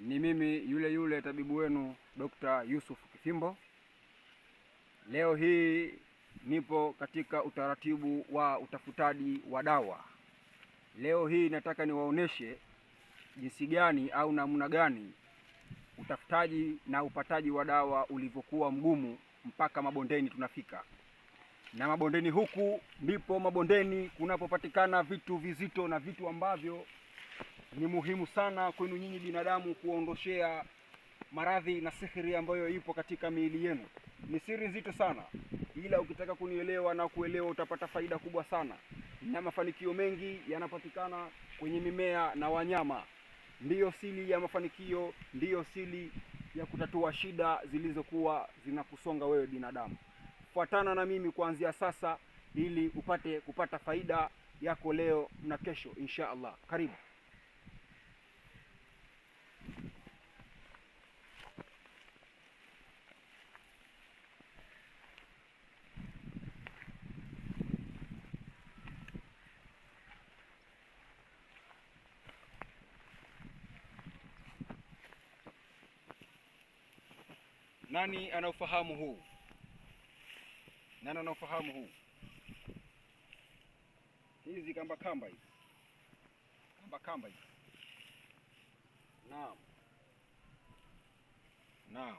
Ni mimi yule yule tabibu wenu Dr. Yusuf Kifimbo. Leo hii nipo katika utaratibu wa utafutaji wa dawa. Leo hii nataka niwaoneshe jinsi gani au namna gani utafutaji na upataji wa dawa ulivyokuwa mgumu mpaka mabondeni tunafika. Na mabondeni huku ndipo mabondeni kunapopatikana vitu vizito na vitu ambavyo ni muhimu sana kwenu nyinyi binadamu kuondoshea maradhi na sihiri ambayo ipo katika miili yenu. Ni siri nzito sana, ila ukitaka kunielewa na kuelewa utapata faida kubwa sana, na mafanikio mengi yanapatikana kwenye mimea na wanyama. Ndiyo siri ya mafanikio, ndiyo siri ya kutatua shida zilizokuwa zinakusonga wewe binadamu. Fuatana na mimi kuanzia sasa ili upate kupata faida yako leo na kesho, insha Allah. Karibu. Nani anaofahamu huu? Nani anaofahamu huu? Hizi kamba kamba hizi kamba kamba hizi. Naam, naam.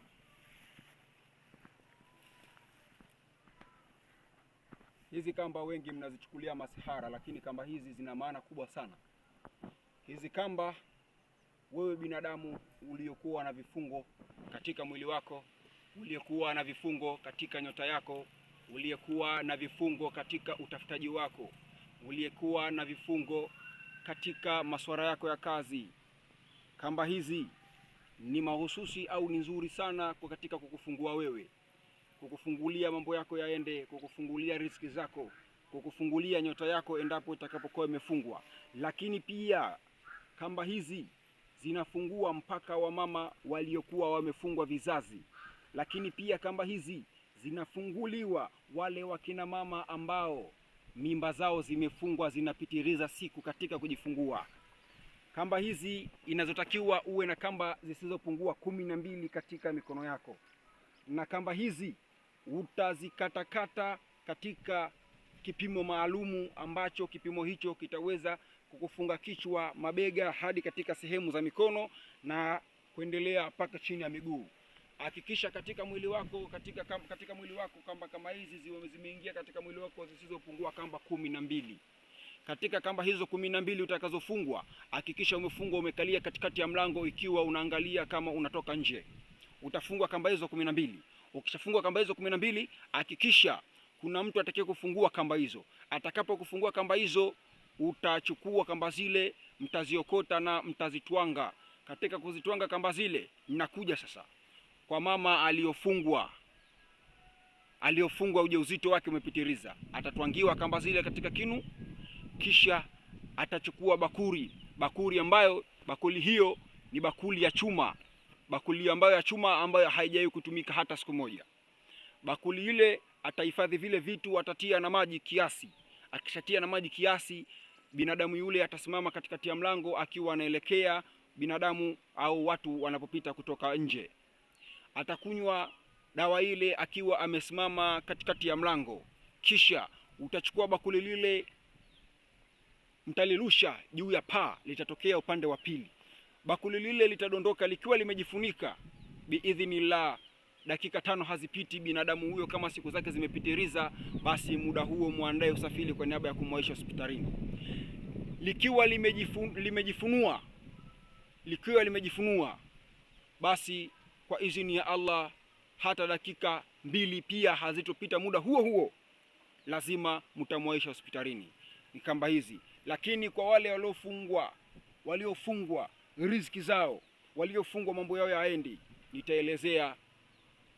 Hizi kamba wengi mnazichukulia masihara, lakini kamba hizi zina maana kubwa sana. Hizi kamba wewe binadamu uliokuwa na vifungo katika mwili wako uliyekuwa na vifungo katika nyota yako, uliyekuwa na vifungo katika utafutaji wako, uliyekuwa na vifungo katika masuala yako ya kazi. Kamba hizi ni mahususi au ni nzuri sana kwa katika kukufungua wewe, kukufungulia mambo yako yaende, kukufungulia riziki zako, kukufungulia nyota yako endapo itakapokuwa imefungwa. Lakini pia kamba hizi zinafungua mpaka wa mama waliokuwa wamefungwa vizazi. Lakini pia kamba hizi zinafunguliwa wale wakina mama ambao mimba zao zimefungwa zinapitiliza siku katika kujifungua. Kamba hizi inazotakiwa uwe na kamba zisizopungua kumi na mbili katika mikono yako, na kamba hizi utazikatakata katika kipimo maalumu ambacho kipimo hicho kitaweza kukufunga kichwa, mabega hadi katika sehemu za mikono na kuendelea mpaka chini ya miguu hakikisha katika mwili wako katika katika mwili wako kamba kama hizi zimeingia katika mwili wako zisizopungua kamba kumi na mbili katika kamba hizo kumi na mbili utakazofungwa hakikisha umefungwa umekalia katikati ya mlango ikiwa unaangalia kama unatoka nje utafungwa kamba hizo kumi na mbili ukishafungwa kamba hizo kumi na mbili hakikisha kuna mtu atakaye kufungua kamba hizo atakapo kufungua kamba hizo utachukua kamba zile mtaziokota na mtazitwanga katika kuzitwanga kamba zile nakuja sasa kwa mama aliyofungwa aliyofungwa ujauzito wake umepitiriza atatwangiwa kamba zile katika kinu, kisha atachukua bakuri, bakuri ambayo bakuli hiyo ni bakuli ya chuma, bakuli ambayo ya chuma ambayo haijawahi kutumika hata siku moja. Bakuli ile atahifadhi vile vitu, atatia na maji kiasi. Akishatia na maji kiasi, binadamu yule atasimama katikati ya mlango akiwa anaelekea binadamu au watu wanapopita kutoka nje atakunywa dawa ile akiwa amesimama katikati ya mlango. Kisha utachukua bakuli lile, mtalirusha juu ya paa, litatokea upande wa pili. Bakuli lile litadondoka likiwa limejifunika, biidhinillah. Dakika tano hazipiti, binadamu huyo kama siku zake zimepitiriza, basi muda huo mwandae usafiri kwa niaba ya kumwaisha hospitalini, likiwa limejifunua, likiwa limejifunua basi kwa izini ya Allah hata dakika mbili pia hazitopita, muda huo huo lazima mtamwaisha hospitalini. Ni kamba hizi. Lakini kwa wale waliofungwa, waliofungwa riziki zao, waliofungwa mambo yao yaendi, nitaelezea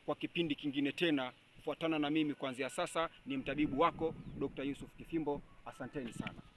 kwa kipindi kingine tena. Fuatana na mimi kuanzia sasa. Ni mtabibu wako Dr. Yusuf Kifimbo. Asanteni sana.